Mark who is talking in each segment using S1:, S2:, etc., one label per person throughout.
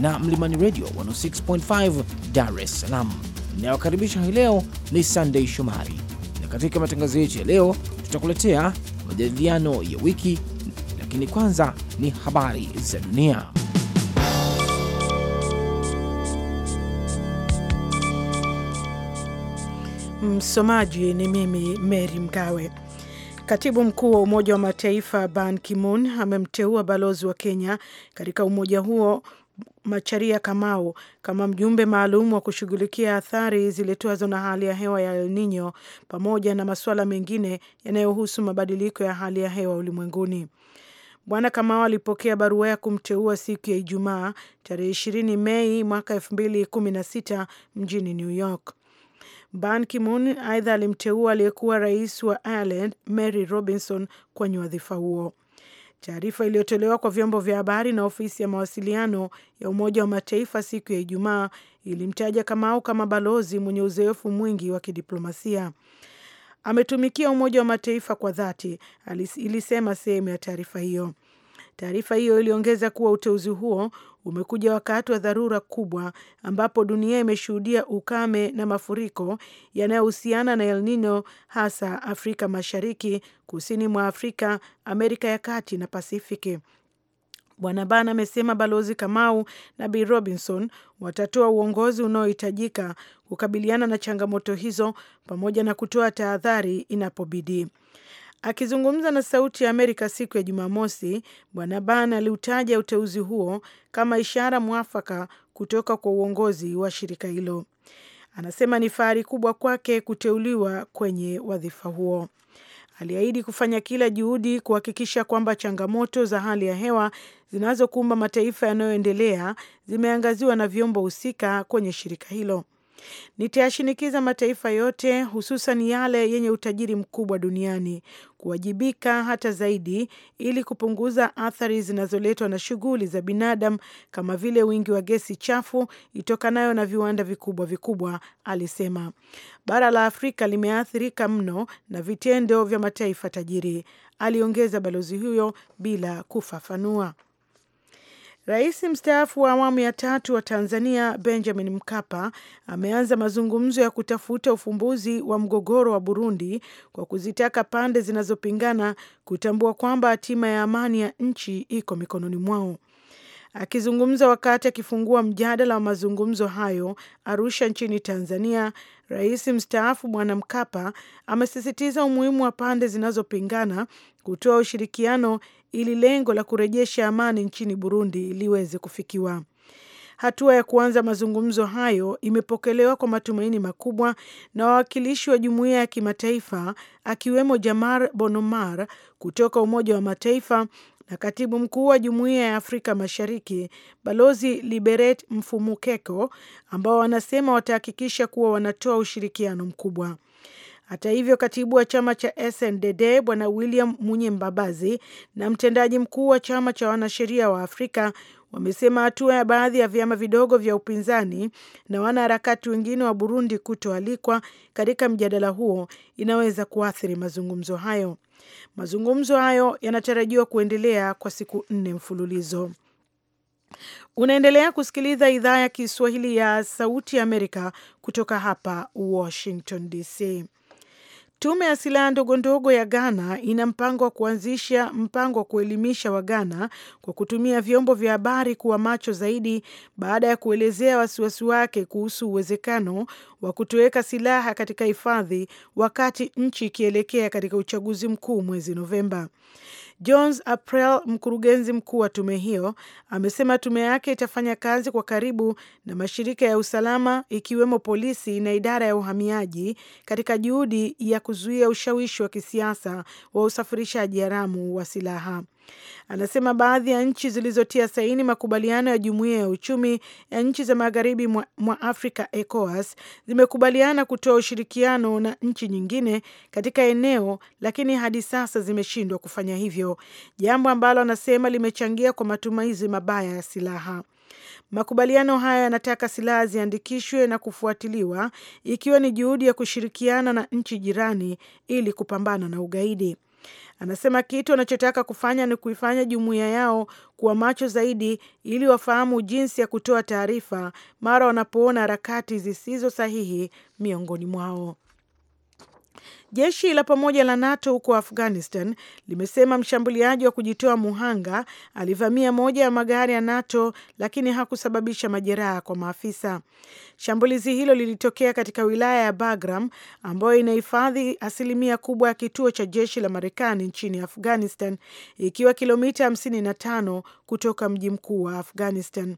S1: na Mlimani Radio 106.5 Dar es Salaam. Inayokaribisha hii leo ni Sunday Shomari, na katika matangazo yetu ya leo tutakuletea majadiliano ya wiki, lakini kwanza ni habari za dunia.
S2: Msomaji ni mimi Mary Mgawe. Katibu mkuu wa Umoja wa Mataifa Ban Ki-moon amemteua balozi wa Kenya katika umoja huo Macharia Kamau kama mjumbe maalum wa kushughulikia athari ziletwazo na hali ya hewa ya El Nino pamoja na masuala mengine yanayohusu mabadiliko ya hali ya hewa ulimwenguni. Bwana Kamau alipokea barua ya kumteua siku ya Ijumaa tarehe ishirini Mei mwaka sita mjini New York. Ban Ki-moon aidha alimteua aliyekuwa rais wa Ireland Mary Robinson kwenye wadhifa huo. Taarifa iliyotolewa kwa vyombo vya habari na ofisi ya mawasiliano ya Umoja wa Mataifa siku ya Ijumaa ilimtaja Kamau kama balozi mwenye uzoefu mwingi wa kidiplomasia. Ametumikia Umoja wa Mataifa kwa dhati, ilisema sehemu ya taarifa hiyo. Taarifa hiyo iliongeza kuwa uteuzi huo umekuja wakati wa dharura kubwa ambapo dunia imeshuhudia ukame na mafuriko yanayohusiana na El Nino, hasa Afrika Mashariki, kusini mwa Afrika, Amerika ya Kati na Pasifiki. Bwana Ban amesema Balozi Kamau na Bi Robinson watatoa uongozi unaohitajika kukabiliana na changamoto hizo pamoja na kutoa tahadhari inapobidi. Akizungumza na Sauti ya Amerika siku ya Jumamosi, Bwana Ban aliutaja uteuzi huo kama ishara mwafaka kutoka kwa uongozi wa shirika hilo. Anasema ni fahari kubwa kwake kuteuliwa kwenye wadhifa huo. Aliahidi kufanya kila juhudi kuhakikisha kwamba changamoto za hali ya hewa zinazokumba mataifa yanayoendelea zimeangaziwa na vyombo husika kwenye shirika hilo. Nitayashinikiza mataifa yote, hususan yale yenye utajiri mkubwa duniani kuwajibika hata zaidi ili kupunguza athari zinazoletwa na shughuli za binadamu kama vile wingi wa gesi chafu itokanayo na viwanda vikubwa vikubwa, alisema. Bara la Afrika limeathirika mno na vitendo vya mataifa tajiri, aliongeza balozi huyo bila kufafanua. Rais mstaafu wa awamu ya tatu wa Tanzania Benjamin Mkapa ameanza mazungumzo ya kutafuta ufumbuzi wa mgogoro wa Burundi kwa kuzitaka pande zinazopingana kutambua kwamba hatima ya amani ya nchi iko mikononi mwao. Akizungumza wakati akifungua mjadala wa mazungumzo hayo Arusha nchini Tanzania, rais mstaafu Bwana Mkapa amesisitiza umuhimu wa pande zinazopingana kutoa ushirikiano ili lengo la kurejesha amani nchini Burundi liweze kufikiwa. Hatua ya kuanza mazungumzo hayo imepokelewa kwa matumaini makubwa na wawakilishi wa jumuiya ya kimataifa akiwemo Jamar Bonomar kutoka Umoja wa Mataifa na katibu mkuu wa Jumuiya ya Afrika Mashariki Balozi Liberet Mfumukeko ambao wanasema watahakikisha kuwa wanatoa ushirikiano mkubwa. Hata hivyo, katibu wa chama cha SNDD Bwana William Munye Mbabazi na mtendaji mkuu wa chama cha wanasheria wa Afrika wamesema hatua ya baadhi ya vyama vidogo vya upinzani na wanaharakati wengine wa Burundi kutoalikwa katika mjadala huo inaweza kuathiri mazungumzo hayo. Mazungumzo hayo yanatarajiwa kuendelea kwa siku nne mfululizo. Unaendelea kusikiliza idhaa ya Kiswahili ya Sauti ya Amerika kutoka hapa Washington DC. Tume ya silaha ndogo ndogo ya Ghana ina mpango wa kuanzisha mpango wa kuelimisha wa Ghana kwa kutumia vyombo vya habari kuwa macho zaidi baada ya kuelezea wasiwasi wake kuhusu uwezekano wa kutoweka silaha katika hifadhi wakati nchi ikielekea katika uchaguzi mkuu mwezi Novemba. Jones April, mkurugenzi mkuu wa tume hiyo, amesema tume yake itafanya kazi kwa karibu na mashirika ya usalama ikiwemo polisi na idara ya uhamiaji katika juhudi ya kuzuia ushawishi wa kisiasa wa usafirishaji haramu wa silaha. Anasema baadhi ya nchi zilizotia saini makubaliano ya jumuiya ya uchumi ya nchi za magharibi mwa, mwa Afrika ECOWAS zimekubaliana kutoa ushirikiano na nchi nyingine katika eneo, lakini hadi sasa zimeshindwa kufanya hivyo, jambo ambalo anasema limechangia kwa matumizi mabaya ya silaha. Makubaliano haya yanataka silaha ziandikishwe na kufuatiliwa, ikiwa ni juhudi ya kushirikiana na nchi jirani ili kupambana na ugaidi. Anasema kitu anachotaka kufanya ni kuifanya jumuiya yao kuwa macho zaidi, ili wafahamu jinsi ya kutoa taarifa mara wanapoona harakati zisizo sahihi miongoni mwao. Jeshi la pamoja la NATO huko Afghanistan limesema mshambuliaji wa kujitoa muhanga alivamia moja ya magari ya NATO lakini hakusababisha majeraha kwa maafisa. Shambulizi hilo lilitokea katika wilaya ya Bagram ambayo inahifadhi asilimia kubwa ya kituo cha jeshi la Marekani nchini Afghanistan, ikiwa kilomita 55 kutoka mji mkuu wa Afghanistan.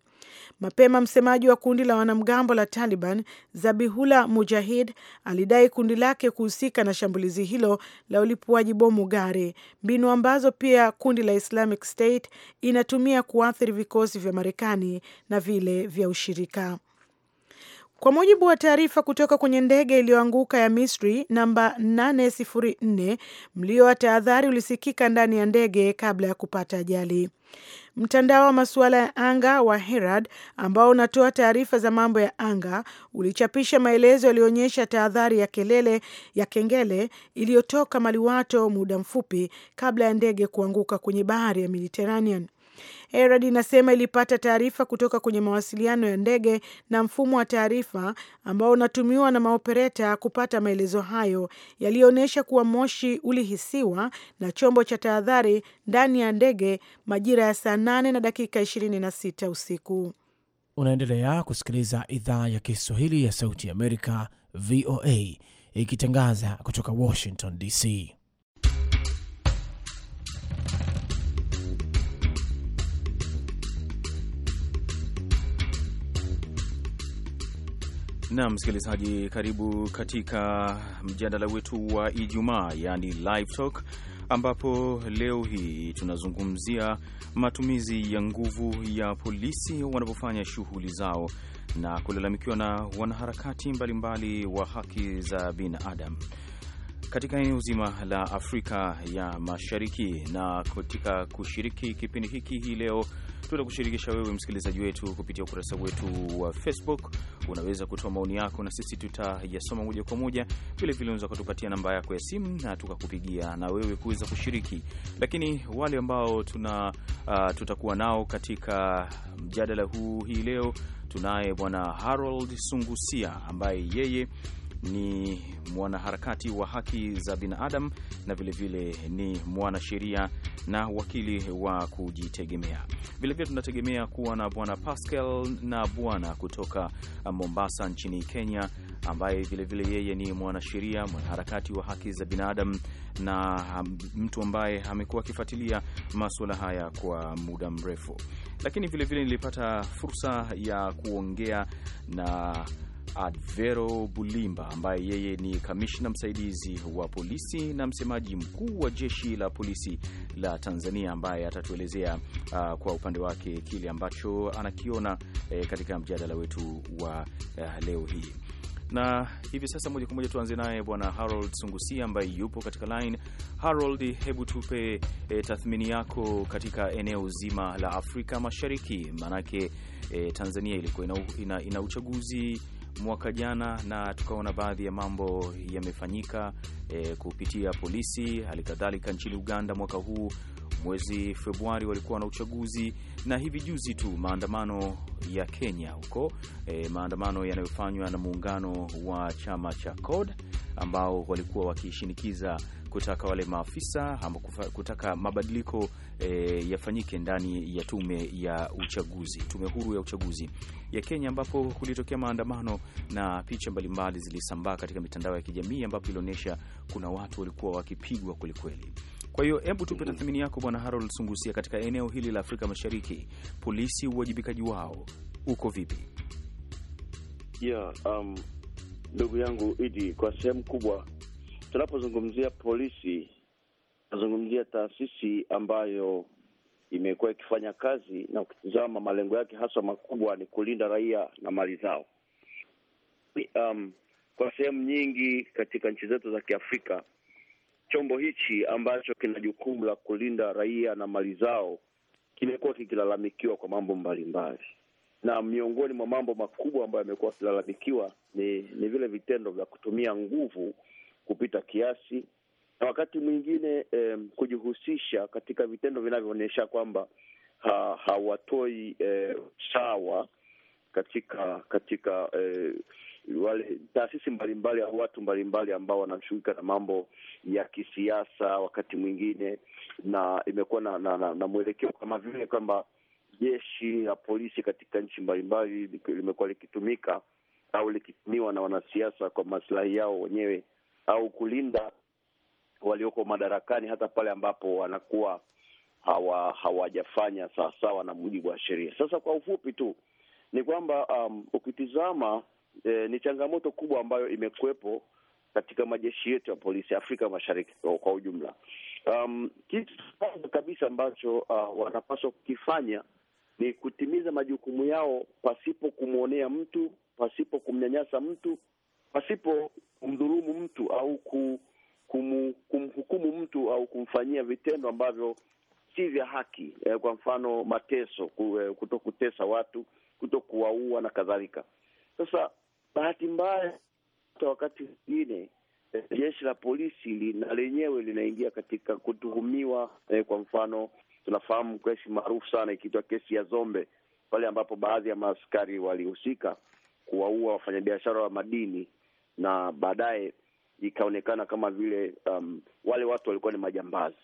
S2: Mapema msemaji wa kundi la wanamgambo la Taliban Zabihullah Mujahid alidai kundi lake kuhusika na shambulizi hilo la ulipuaji bomu gari, mbinu ambazo pia kundi la Islamic State inatumia kuathiri vikosi vya Marekani na vile vya ushirika. Kwa mujibu wa taarifa kutoka kwenye ndege iliyoanguka ya Misri namba 804, mlio wa tahadhari ulisikika ndani ya ndege kabla ya kupata ajali. Mtandao wa masuala ya anga wa Herald ambao unatoa taarifa za mambo ya anga ulichapisha maelezo yaliyoonyesha tahadhari ya kelele ya kengele iliyotoka maliwato muda mfupi kabla ya ndege kuanguka kwenye bahari ya Mediterranean. ERAD inasema ilipata taarifa kutoka kwenye mawasiliano ya ndege na mfumo wa taarifa ambao unatumiwa na maopereta kupata maelezo hayo yaliyoonyesha kuwa moshi ulihisiwa na chombo cha tahadhari ndani ya ndege majira ya saa 8 na dakika 26 usiku.
S1: Unaendelea kusikiliza idhaa ya Kiswahili ya Sauti ya Amerika, VOA, ikitangaza kutoka Washington DC.
S3: nam msikilizaji, karibu katika mjadala wetu wa Ijumaa, yani live talk, ambapo leo hii tunazungumzia matumizi ya nguvu ya polisi wanapofanya shughuli zao na kulalamikiwa na wanaharakati mbalimbali wa haki za binadamu katika eneo zima la Afrika ya Mashariki. Na katika kushiriki kipindi hiki hii leo tutakushirikisha wewe msikilizaji wetu kupitia ukurasa wetu wa Facebook. Unaweza kutoa maoni yako na sisi tutayasoma moja kwa moja. Vilevile unaweza kutupatia namba yako ya simu na tukakupigia na wewe kuweza kushiriki. Lakini wale ambao tuna uh, tutakuwa nao katika mjadala huu hii leo, tunaye bwana Harold Sungusia ambaye yeye ni mwanaharakati wa haki za binadamu na vilevile vile ni mwanasheria na wakili wa kujitegemea. Vilevile tunategemea kuwa na Bwana Pascal na Bwana kutoka Mombasa nchini Kenya, ambaye vilevile vile yeye ni mwanasheria, mwanaharakati wa haki za binadamu na mtu ambaye amekuwa akifuatilia masuala haya kwa muda mrefu. Lakini vilevile vile nilipata fursa ya kuongea na Advero Bulimba ambaye yeye ni kamishna msaidizi wa polisi na msemaji mkuu wa jeshi la polisi la Tanzania ambaye atatuelezea uh, kwa upande wake kile ambacho anakiona eh, katika mjadala wetu wa uh, leo hii na hivi sasa moja kwa moja tuanze naye Bwana Harold Sungusia ambaye yupo katika line. Harold, hebu tupe e, tathmini yako katika eneo zima la Afrika Mashariki, maanake e, Tanzania ilikuwa ina, ina, ina uchaguzi mwaka jana, na tukaona baadhi ya mambo yamefanyika e, kupitia polisi. Hali kadhalika nchini Uganda mwaka huu mwezi Februari walikuwa na uchaguzi, na hivi juzi tu maandamano ya Kenya huko e, maandamano yanayofanywa na muungano wa chama cha CORD ambao walikuwa wakishinikiza kutaka wale maafisa ama kutaka mabadiliko e, yafanyike ndani ya tume ya uchaguzi, tume huru ya uchaguzi ya Kenya, ambapo kulitokea maandamano na picha mbalimbali zilisambaa katika mitandao ya kijamii, ambapo ilionyesha kuna watu walikuwa wakipigwa kwelikweli. Kwa hiyo hebu tupe tathmini yako Bwana Harold Sungusia, katika eneo hili la Afrika Mashariki, polisi uwajibikaji wao uko vipi?
S4: Yeah, um, ndugu yangu Idi, kwa sehemu kubwa tunapozungumzia polisi tunazungumzia taasisi ambayo imekuwa ikifanya kazi na ukitizama malengo yake haswa makubwa ni kulinda raia na mali zao. Um, kwa sehemu nyingi katika nchi zetu za Kiafrika chombo hichi ambacho kina jukumu la kulinda raia na mali zao kimekuwa kikilalamikiwa kwa mambo mbalimbali, na miongoni mwa mambo makubwa ambayo yamekuwa akilalamikiwa ni, ni vile vitendo vya kutumia nguvu kupita kiasi na wakati mwingine eh, kujihusisha katika vitendo vinavyoonyesha kwamba ha, hawatoi eh, sawa katika katika eh, wale taasisi mbalimbali au watu mbalimbali ambao wanashughulika na mambo ya kisiasa wakati mwingine, na imekuwa na, na, na, na mwelekeo kama vile kwamba jeshi la polisi katika nchi mbalimbali limekuwa likitumika au likitumiwa na wanasiasa kwa masilahi yao wenyewe au kulinda walioko madarakani hata pale ambapo wanakuwa hawa hawajafanya sawasawa na mujibu wa sheria. Sasa kwa ufupi tu ni kwamba um, ukitizama e, ni changamoto kubwa ambayo imekuwepo katika majeshi yetu ya polisi Afrika Mashariki kwa ujumla. Um, kitu kwanza kabisa ambacho uh, wanapaswa kukifanya ni kutimiza majukumu yao pasipo kumwonea mtu, pasipo kumnyanyasa mtu, pasipo kumdhurumu mtu au kumu, kumhukumu mtu au kumfanyia vitendo ambavyo si vya haki eh, kwa mfano mateso, eh, kuto kutesa watu, kuto kuwaua na kadhalika. Sasa Bahati mbaya hata wakati mwingine jeshi la polisi na lenyewe linaingia katika kutuhumiwa. Eh, kwa mfano tunafahamu kesi maarufu sana ikiitwa kesi ya Zombe, pale ambapo baadhi ya maaskari walihusika kuwaua wafanyabiashara wa madini na baadaye ikaonekana kama vile um, wale watu walikuwa ni majambazi.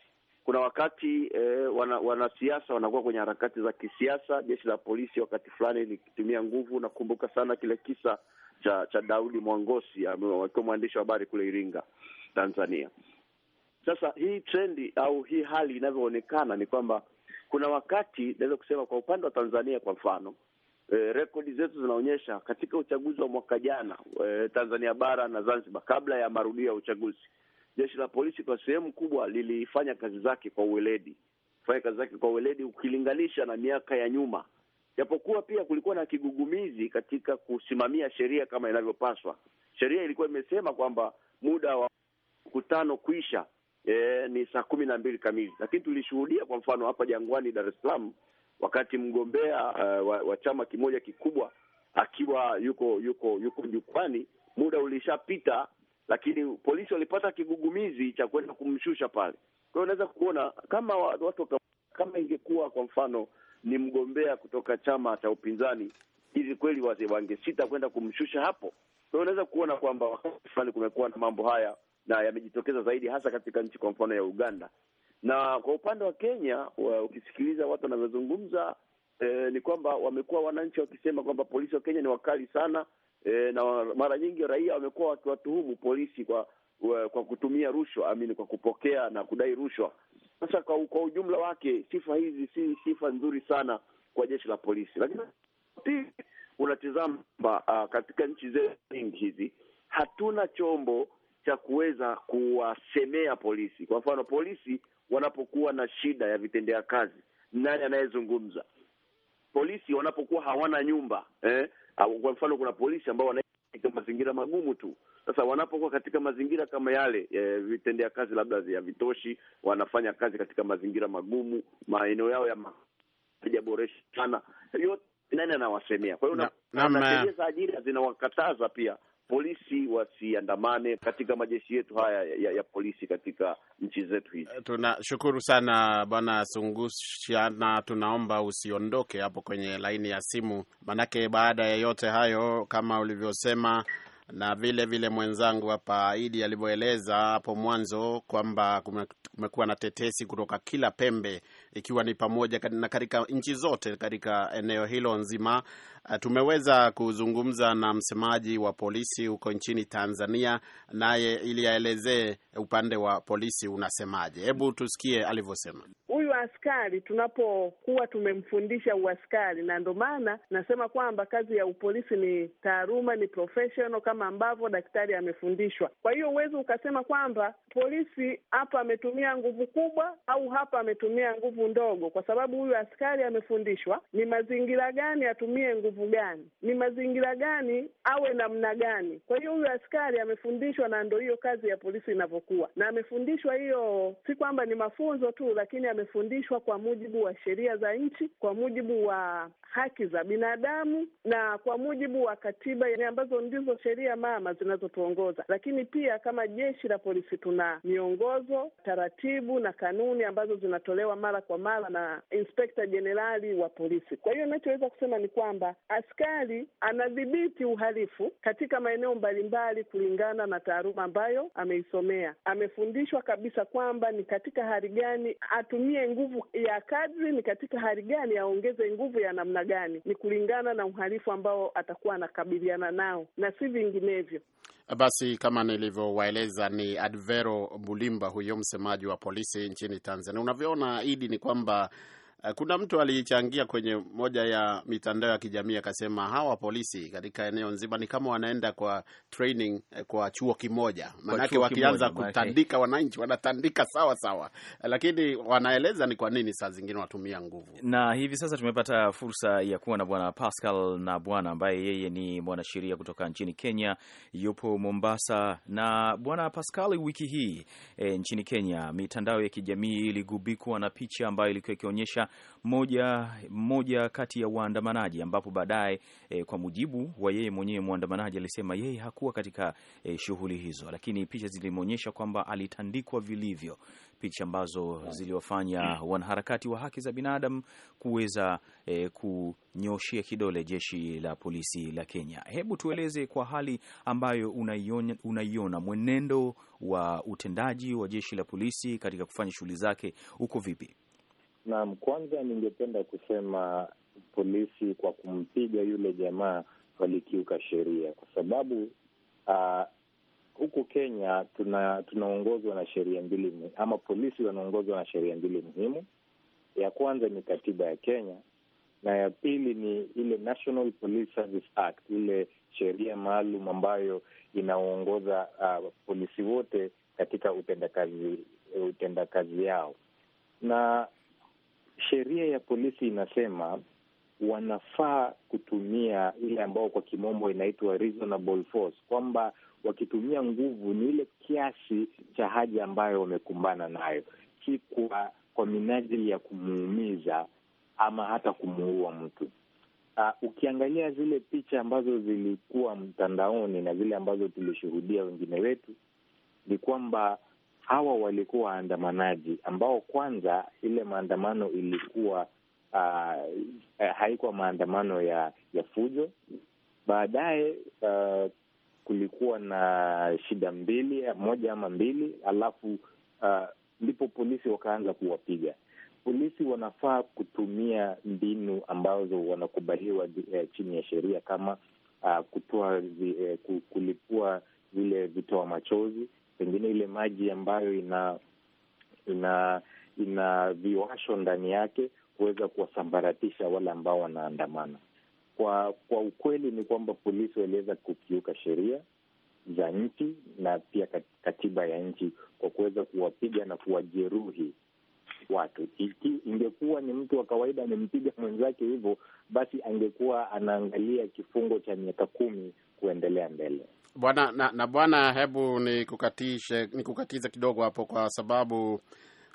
S4: Kuna wakati eh, wanasiasa wanakuwa kwenye harakati za kisiasa, jeshi la polisi wakati fulani likitumia nguvu. Nakumbuka sana kile kisa cha cha Daudi Mwangosi akiwa mwandishi wa habari kule Iringa, Tanzania. Sasa hii trendi au hii hali inavyoonekana ni kwamba kuna wakati naweza kusema kwa upande wa Tanzania kwa mfano e, rekodi zetu zinaonyesha katika uchaguzi wa mwaka jana e, Tanzania bara na Zanzibar, kabla ya marudio ya uchaguzi, jeshi la polisi kwa sehemu kubwa lilifanya kazi zake kwa uweledi, fanya kazi zake kwa uweledi ukilinganisha na miaka ya nyuma japokuwa pia kulikuwa na kigugumizi katika kusimamia sheria kama inavyopaswa. Sheria ilikuwa imesema kwamba muda wa mkutano kuisha e, ni saa kumi na mbili kamili, lakini tulishuhudia kwa mfano hapa Jangwani, Dar es Salaam, wakati mgombea uh, wa, wa chama kimoja kikubwa akiwa yuko yuko yuko jukwani, muda ulishapita, lakini polisi walipata kigugumizi cha kwenda kumshusha pale. Kwa hiyo unaweza kuona kama watu kama ingekuwa kwa mfano ni mgombea kutoka chama cha upinzani, hivi kweli wazee wangesita kwenda kumshusha hapo? Kwa hiyo unaweza kuona kwamba wakati fulani kumekuwa na mambo haya na yamejitokeza zaidi hasa katika nchi kwa mfano ya Uganda na kwa upande wa Kenya wa, ukisikiliza watu wanavyozungumza eh, ni kwamba wamekuwa wananchi wakisema kwamba polisi wa Kenya ni wakali sana eh, na mara nyingi raia wamekuwa wakiwatuhumu polisi kwa kwa kutumia rushwa amini, kwa kupokea na kudai rushwa. Sasa kwa, kwa ujumla wake sifa hizi si sifa nzuri sana kwa jeshi la polisi, lakini unatizama uh, katika nchi zetu nyingi hizi hatuna chombo cha kuweza kuwasemea polisi. Kwa mfano, polisi wanapokuwa na shida ya vitendea kazi, nani anayezungumza? Polisi wanapokuwa hawana nyumba eh? Kwa mfano, kuna polisi ambao wanaishi katika mazingira magumu tu sasa wanapokuwa katika mazingira kama yale e, vitendea kazi labda ya vitoshi wanafanya kazi katika mazingira magumu, maeneo yao ya hajaboresha sana, yote nani anawasemea? Kwa hiyo natengeneza ajira zinawakataza pia polisi wasiandamane katika majeshi yetu haya ya, ya polisi katika nchi zetu hizi.
S5: Tunashukuru sana Bwana Sungusha, na tunaomba usiondoke hapo kwenye laini ya simu, manake baada ya yote hayo kama ulivyosema na vile vile mwenzangu hapa Aidi alivyoeleza hapo mwanzo kwamba kumekuwa na tetesi kutoka kila pembe, ikiwa ni pamoja na katika nchi zote katika eneo hilo nzima Tumeweza kuzungumza na msemaji wa polisi huko nchini Tanzania, naye ili aelezee upande wa polisi unasemaje. Hebu tusikie
S6: alivyosema. Huyu askari tunapokuwa tumemfundisha uaskari, na ndo maana nasema kwamba kazi ya upolisi ni taaluma, ni professional kama ambavyo daktari amefundishwa. Kwa hiyo huwezi ukasema kwamba polisi hapa ametumia nguvu kubwa au hapa ametumia nguvu ndogo, kwa sababu huyu askari amefundishwa ni mazingira gani atumie nguvu nguvu gani, ni mazingira gani, awe namna gani. Kwa hiyo huyu askari amefundishwa, na ndo hiyo kazi ya polisi inavyokuwa, na amefundishwa hiyo, si kwamba ni mafunzo tu, lakini amefundishwa kwa mujibu wa sheria za nchi, kwa mujibu wa haki za binadamu na kwa mujibu wa katiba, yani ambazo ndizo sheria mama zinazotuongoza. Lakini pia kama jeshi la polisi tuna miongozo, taratibu na kanuni ambazo zinatolewa mara kwa mara na inspekta jenerali wa polisi. Kwa hiyo inachoweza kusema ni kwamba askari anadhibiti uhalifu katika maeneo mbalimbali kulingana na taaluma ambayo ameisomea. Amefundishwa kabisa kwamba ni katika hali gani atumie nguvu ya kadri, ni katika hali gani aongeze nguvu ya namna gani, ni kulingana na uhalifu ambao atakuwa anakabiliana nao na si vinginevyo.
S5: Basi kama nilivyowaeleza, ni Advero Bulimba huyo msemaji wa polisi nchini Tanzania. Unavyoona Idi, ni kwamba kuna mtu alichangia kwenye moja ya mitandao ya kijamii akasema, hawa polisi katika eneo nzima ni kama wanaenda kwa training eh, kwa chuo kimoja, maanake wakianza kutandika wananchi wanatandika sawa sawa, lakini wanaeleza ni kwa nini saa zingine wanatumia nguvu.
S3: Na hivi sasa tumepata fursa ya kuwa na bwana Pascal na bwana ambaye yeye ni mwanasheria kutoka nchini Kenya, yupo Mombasa. Na bwana Pascal, wiki hii e, nchini Kenya mitandao ya kijamii iligubikwa na picha ambayo ilikuwa ikionyesha moja, moja kati ya waandamanaji ambapo baadaye e, kwa mujibu wa yeye mwenyewe mwandamanaji alisema yeye hakuwa katika e, shughuli hizo, lakini picha zilimwonyesha kwamba alitandikwa vilivyo, picha ambazo ziliwafanya wanaharakati wa haki za binadamu kuweza e, eh, kunyoshia kidole jeshi la polisi la Kenya. Hebu tueleze kwa hali ambayo unaiona, unaiona mwenendo wa utendaji wa jeshi la polisi katika kufanya shughuli zake uko vipi?
S7: Naam, kwanza ningependa kusema polisi kwa kumpiga yule jamaa walikiuka sheria, kwa sababu uh, huku Kenya tuna tunaongozwa na sheria mbili ama polisi wanaongozwa na sheria mbili muhimu. Ya kwanza ni katiba ya Kenya na ya pili ni ile National Police Service Act, ile sheria maalum ambayo inaongoza uh, polisi wote katika utendakazi utendakazi yao na sheria ya polisi inasema wanafaa kutumia ile ambayo kwa kimombo inaitwa reasonable force, kwamba wakitumia nguvu ni ile kiasi cha haja ambayo wamekumbana nayo, si kwa kwa minajili ya kumuumiza ama hata kumuua mtu. Uh, ukiangalia zile picha ambazo zilikuwa mtandaoni na zile ambazo tulishuhudia wengine wetu, ni kwamba hawa walikuwa waandamanaji ambao kwanza ile maandamano ilikuwa uh, haikuwa maandamano ya ya fujo. Baadaye uh, kulikuwa na shida mbili, moja ama mbili, alafu ah, ndipo polisi wakaanza kuwapiga. Polisi wanafaa kutumia mbinu ambazo wanakubaliwa eh, chini ya sheria kama uh, kutoa eh, kulipua vile vitoa machozi pengine ile maji ambayo ina ina ina viwasho ndani yake kuweza kuwasambaratisha wale ambao wanaandamana. Kwa kwa ukweli ni kwamba polisi waliweza kukiuka sheria za nchi na pia katiba ya nchi kwa kuweza kuwapiga na kuwajeruhi watu. Iki, ingekuwa ni mtu wa kawaida amempiga mwenzake hivyo, basi angekuwa anaangalia kifungo cha miaka kumi kuendelea mbele
S5: bwana na, na bwana, hebu nikukatize nikukatize kidogo hapo kwa sababu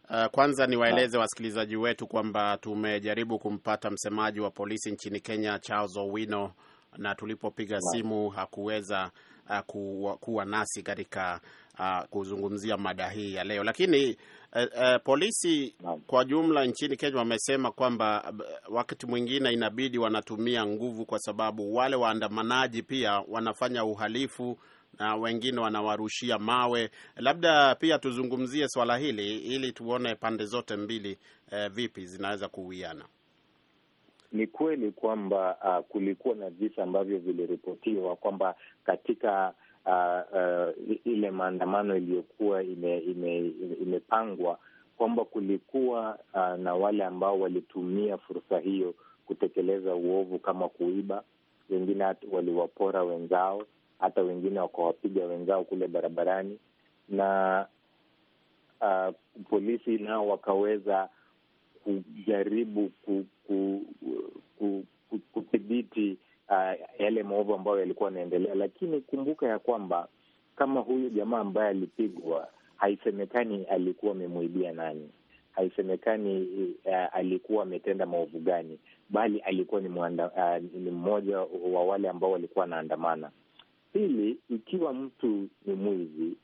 S5: uh, kwanza niwaeleze wasikilizaji wetu kwamba tumejaribu kumpata msemaji wa polisi nchini Kenya Charles Owino na tulipopiga simu hakuweza uh, kuwa, kuwa nasi katika uh, kuzungumzia mada hii ya leo, lakini E, e, polisi kwa jumla nchini Kenya wamesema kwamba eh, wakati mwingine inabidi wanatumia nguvu kwa sababu wale waandamanaji pia wanafanya uhalifu na wengine wanawarushia mawe. Labda pia tuzungumzie swala hili ili tuone pande zote mbili e, vipi zinaweza kuwiana.
S7: Ni kweli kwamba uh, kulikuwa na visa ambavyo viliripotiwa kwamba katika uh, uh, ile maandamano iliyokuwa imepangwa ime, kwamba kulikuwa uh, na wale ambao walitumia fursa hiyo kutekeleza uovu kama kuiba, wengine waliwapora wenzao, hata wengine wakawapiga wenzao kule barabarani na uh, polisi nao wakaweza kujaribu ku, ku, ku, ku, kudhibiti uh, yale maovu ambayo yalikuwa yanaendelea. Lakini kumbuka ya kwamba kama huyu jamaa ambaye alipigwa, haisemekani alikuwa amemwibia nani, haisemekani uh, alikuwa ametenda maovu gani, bali alikuwa ni, muanda, uh, ni mmoja wa wale ambao walikuwa wanaandamana. Pili, ikiwa mtu ni mwizi,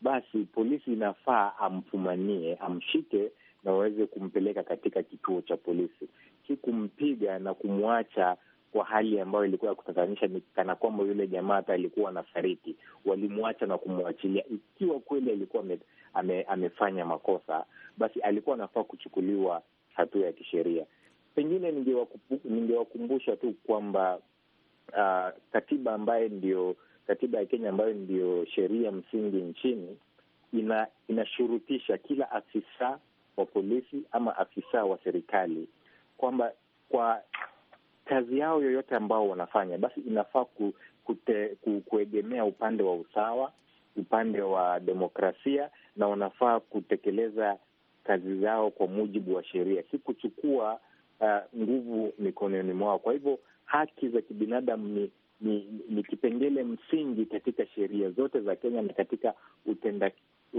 S7: basi polisi inafaa amfumanie, amshike na waweze kumpeleka katika kituo cha polisi, si kumpiga na kumwacha kwa hali ambayo ilikuwa ya kutatanisha, ni kana kwamba yule jamaa hata alikuwa anafariki, walimwacha na kumwachilia. Ikiwa kweli alikuwa ame, ame, amefanya makosa, basi alikuwa anafaa kuchukuliwa hatua ya kisheria. Pengine ningewakumbusha tu kwamba uh, katiba ambayo ndio katiba ya Kenya ambayo ndiyo sheria msingi nchini ina, inashurutisha kila afisa wa polisi ama afisa wa serikali kwamba kwa kazi yao yoyote ambao wanafanya basi inafaa ku, kute, ku, kuegemea upande wa usawa, upande wa demokrasia, na wanafaa kutekeleza kazi zao kwa mujibu wa sheria, si kuchukua uh, nguvu mikononi mwao. Kwa hivyo haki za kibinadamu ni ni, ni kipengele msingi katika sheria zote za Kenya na katika utenda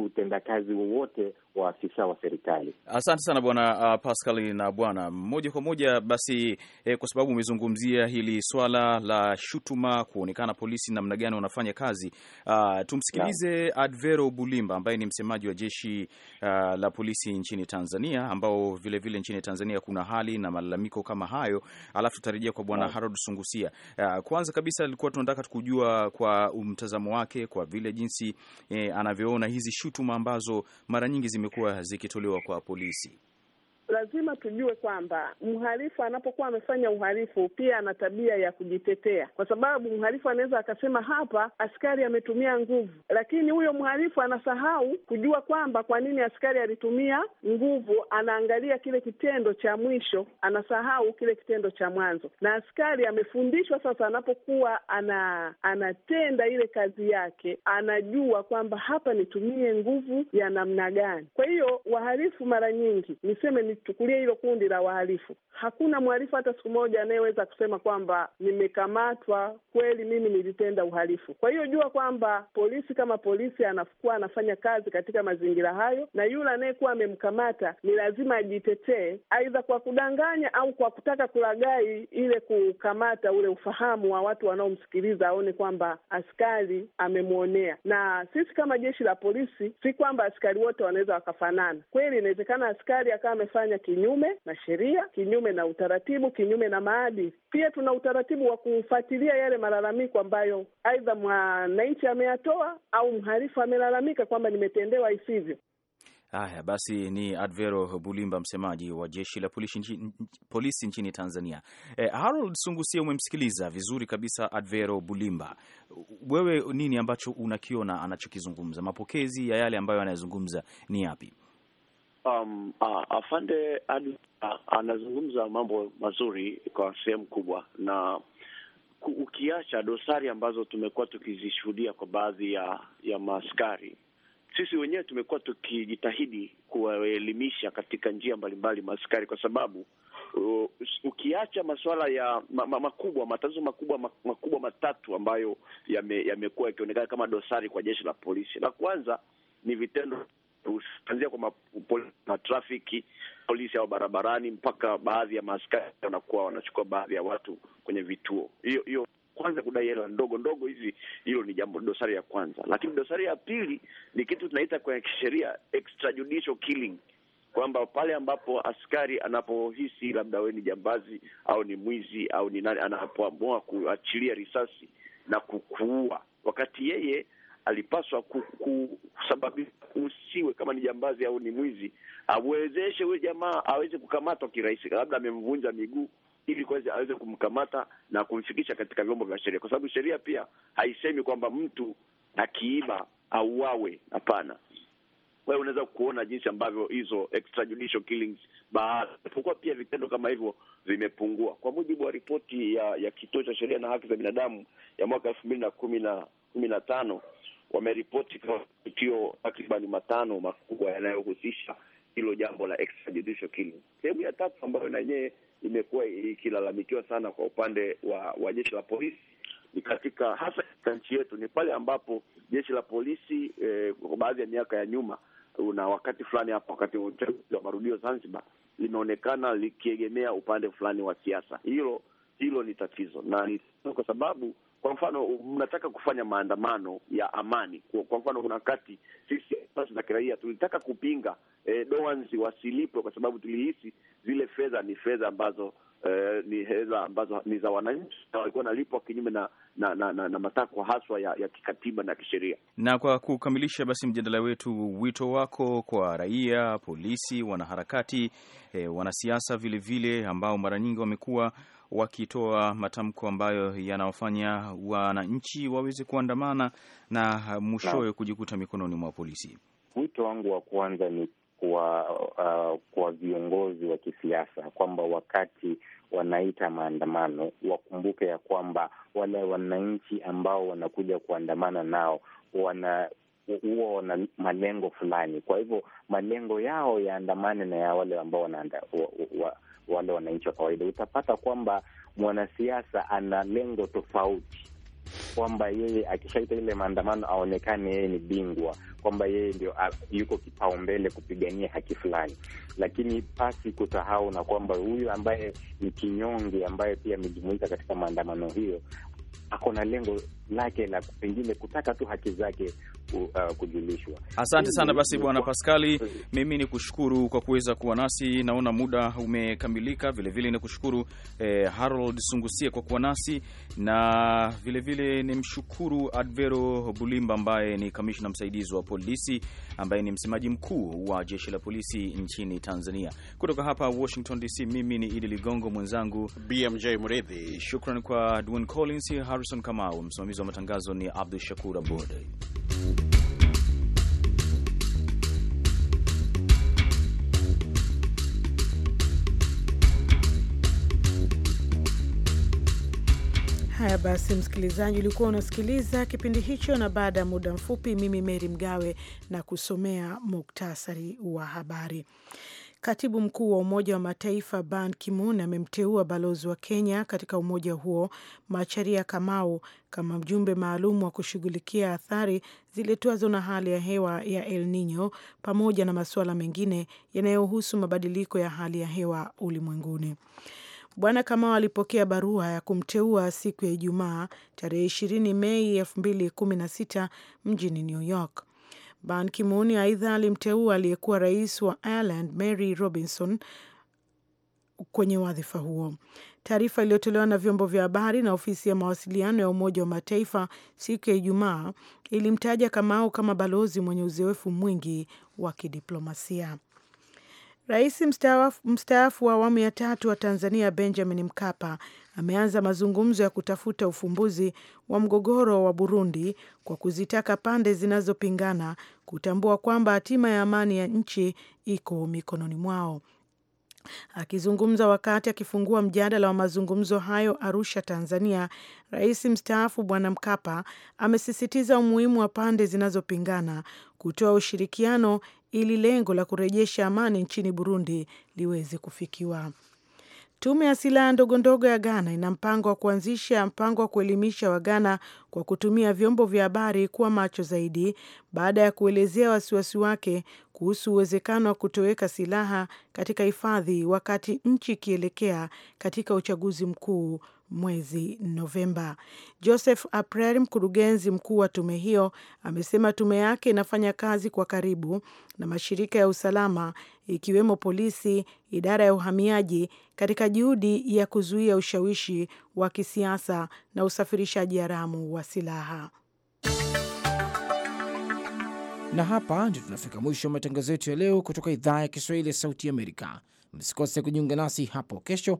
S7: utendakazi wowote wa afisa wa serikali.
S3: Asante sana bwana uh, Pascal na bwana moja kwa moja basi eh, kwa sababu umezungumzia hili swala la shutuma kuonekana polisi namna gani wanafanya kazi uh, tumsikilize na Advero Bulimba ambaye ni msemaji wa jeshi uh, la polisi nchini Tanzania, ambao vilevile vile nchini Tanzania kuna hali na malalamiko kama hayo, alafu tutarejea kwa bwana Harold Sungusia. Uh, kwanza kabisa alikuwa tunataka kujua kwa mtazamo wake kwa vile jinsi eh, anavyoona hizi shutuma ambazo mara nyingi zimekuwa zikitolewa kwa polisi?
S6: lazima tujue kwamba mhalifu anapokuwa amefanya uhalifu pia ana tabia ya kujitetea, kwa sababu mhalifu anaweza akasema hapa askari ametumia nguvu, lakini huyo mhalifu anasahau kujua kwamba kwa nini askari alitumia nguvu. Anaangalia kile kitendo cha mwisho, anasahau kile kitendo cha mwanzo. Na askari amefundishwa sasa, anapokuwa ana anatenda ile kazi yake, anajua kwamba hapa nitumie nguvu ya namna gani. Kwa hiyo wahalifu mara nyingi niseme ni tuchukulie hilo kundi la wahalifu, hakuna mhalifu hata siku moja anayeweza kusema kwamba nimekamatwa kweli, mimi nilitenda uhalifu. Kwa hiyo jua kwamba polisi kama polisi anakuwa anafanya kazi katika mazingira hayo, na yule anayekuwa amemkamata ni lazima ajitetee, aidha kwa kudanganya au kwa kutaka kulagai ile kukamata, ule ufahamu wa watu wanaomsikiliza, aone kwamba askari amemwonea. Na sisi kama jeshi la polisi, si kwamba askari wote wanaweza wakafanana. Kweli inawezekana askari akawa amefanya kufanya kinyume na sheria, kinyume na utaratibu, kinyume na maadili. Pia tuna utaratibu wa kufuatilia yale malalamiko ambayo aidha mwananchi ameyatoa au mharifu amelalamika kwamba nimetendewa isivyo.
S3: Haya basi, ni Advero Bulimba, msemaji wa jeshi la polisi nchini Tanzania. E, Harold Sungusia, umemsikiliza vizuri kabisa Advero Bulimba. Wewe nini ambacho unakiona anachokizungumza? Mapokezi ya yale ambayo anayazungumza ni yapi?
S4: um, uh, afande Adu anazungumza uh, anazungumza mambo mazuri kwa sehemu kubwa, na ukiacha dosari ambazo tumekuwa tukizishuhudia kwa baadhi ya ya maaskari, sisi wenyewe tumekuwa tukijitahidi kuwaelimisha katika njia mbalimbali maaskari kwa sababu Uh, ukiacha masuala ya ma, ma, makubwa matatizo makubwa ma, makubwa matatu ambayo yamekuwa me, ya yakionekana kama dosari kwa jeshi la polisi. La kwanza ni vitendo kuanzia kwa matrafiki, polisi au barabarani mpaka baadhi ya maaskari wanakuwa wanachukua baadhi ya watu kwenye vituo. Hiyo hiyo kwanza kudai hela ndogo ndogo hizi, hilo ni jambo dosari ya kwanza. Lakini dosari ya pili ni kitu tunaita kwenye kisheria extrajudicial killing, kwamba pale ambapo askari anapohisi labda we ni jambazi au ni mwizi au ni nani, anapoamua kuachilia risasi na kukuua wakati yeye alipaswa kusababisha jambazi au ni mwizi, amwezeshe huyu jamaa aweze kukamatwa kirahisi, labda amemvunja miguu ili kuweza aweze kumkamata na kumfikisha katika vyombo vya sheria, kwa sababu sheria pia haisemi kwamba mtu akiiba auawe. Hapana. Wewe unaweza kuona jinsi ambavyo hizo extrajudicial killings baadhi, pia vitendo kama hivyo vimepungua, kwa mujibu wa ripoti ya ya Kituo cha Sheria na Haki za Binadamu ya mwaka elfu mbili na kumi na kumi na tano wameripoti matukio takriban matano makubwa yanayohusisha hilo jambo la extrajudicial killing. Sehemu ya tatu ambayo na yenyewe imekuwa ikilalamikiwa sana kwa upande wa, wa jeshi la polisi ni katika hasa katika nchi yetu ni pale ambapo jeshi la polisi eh, kwa baadhi ya miaka ya nyuma una wakati fulani hapa wakati wa uchaguzi wa marudio Zanzibar limeonekana likiegemea upande fulani wa siasa. Hilo hilo ni tatizo na ni kwa sababu kwa mfano mnataka kufanya maandamano ya amani. Kwa, kwa mfano kuna wakati sisi za kiraia tulitaka kupinga eh, doanzi wasilipwe kwa sababu tulihisi zile fedha ni fedha ambazo eh, ni hela ambazo ni za wananchi na walikuwa nalipwa kinyume na na, na, na, na matakwa haswa ya, ya kikatiba na kisheria.
S3: Na kwa kukamilisha basi mjadala wetu, wito wako kwa raia, polisi, wanaharakati, eh, wanasiasa vilevile ambao mara nyingi wamekuwa wakitoa matamko ambayo yanawafanya wananchi waweze kuandamana na mwishowe kujikuta mikononi mwa polisi.
S7: Wito wangu wa kwanza ni kwa uh, kwa viongozi wa kisiasa kwamba wakati wanaita maandamano wakumbuke ya kwamba wale wananchi ambao wanakuja kuandamana nao wana huwa wana malengo fulani. Kwa hivyo malengo yao yaandamane na ya wale ambao wana, wa, wa, wale wananchi wa kawaida, utapata kwamba mwanasiasa ana lengo tofauti, kwamba yeye akishaita ile maandamano aonekane yeye ni bingwa, kwamba yeye ndio ah, yuko kipaumbele kupigania haki fulani, lakini pasi kusahau na kwamba huyu ambaye ni kinyonge, ambaye pia amejumuika katika maandamano hiyo ako na lengo lake la pengine kutaka tu haki zake Uh, kujulishwa. Asante sana basi
S3: Bwana Paskali, mm. mimi ni kushukuru kwa kuweza kuwa nasi, naona muda umekamilika. Vilevile kushukuru eh, Harold Sungusia kwa kuwa nasi na vilevile mshukuru Advero Bulimba ambaye ni kamishna msaidizi wa polisi ambaye ni msemaji mkuu wa jeshi la polisi nchini Tanzania. Kutoka hapa Washington DC, mimi ni Idi Ligongo, mwenzangu BMJ Mridhi. Shukran kwa Dwin Collins, Harrison Kamau, msimamizi wa matangazo ni Abdu Shakur Abud.
S2: Haya basi, msikilizaji, ulikuwa unasikiliza kipindi hicho, na baada ya muda mfupi, mimi Meri Mgawe na kusomea muktasari wa habari. Katibu mkuu wa Umoja wa Mataifa Ban Ki-moon amemteua balozi wa Kenya katika umoja huo Macharia Kamau kama mjumbe maalum wa kushughulikia athari ziletwazo na hali ya hewa ya El Nino pamoja na masuala mengine yanayohusu mabadiliko ya hali ya hewa ulimwenguni. Bwana Kamau alipokea barua ya kumteua siku ya Ijumaa tarehe 20 Mei 2016 mjini New York. Ban Ki-moon aidha alimteua aliyekuwa rais wa Ireland Mary Robinson kwenye wadhifa huo. Taarifa iliyotolewa na vyombo vya habari na ofisi ya mawasiliano ya Umoja wa Mataifa siku ya Ijumaa ilimtaja Kamau kama balozi mwenye uzoefu mwingi wa kidiplomasia. Rais mstaafu wa awamu ya tatu wa Tanzania Benjamin Mkapa ameanza mazungumzo ya kutafuta ufumbuzi wa mgogoro wa Burundi kwa kuzitaka pande zinazopingana kutambua kwamba hatima ya amani ya nchi iko mikononi mwao. Akizungumza wakati akifungua mjadala wa mazungumzo hayo Arusha, Tanzania, rais mstaafu Bwana Mkapa amesisitiza umuhimu wa pande zinazopingana kutoa ushirikiano ili lengo la kurejesha amani nchini Burundi liweze kufikiwa. Tume ya silaha ndogo ndogo ya Ghana ina mpango wa kuanzisha mpango wa kuelimisha Waghana kwa kutumia vyombo vya habari kuwa macho zaidi baada ya kuelezea wasiwasi wake kuhusu uwezekano wa kutoweka silaha katika hifadhi wakati nchi ikielekea katika uchaguzi mkuu mwezi Novemba. Joseph Aprel, mkurugenzi mkuu wa tume hiyo, amesema tume yake inafanya kazi kwa karibu na mashirika ya usalama ikiwemo polisi, idara ya uhamiaji katika juhudi ya kuzuia ushawishi wa kisiasa na usafirishaji haramu wa silaha.
S1: Na hapa ndio tunafika mwisho wa matangazo yetu ya leo kutoka idhaa ya Kiswahili ya Sauti Amerika. Msikose kujiunga nasi hapo kesho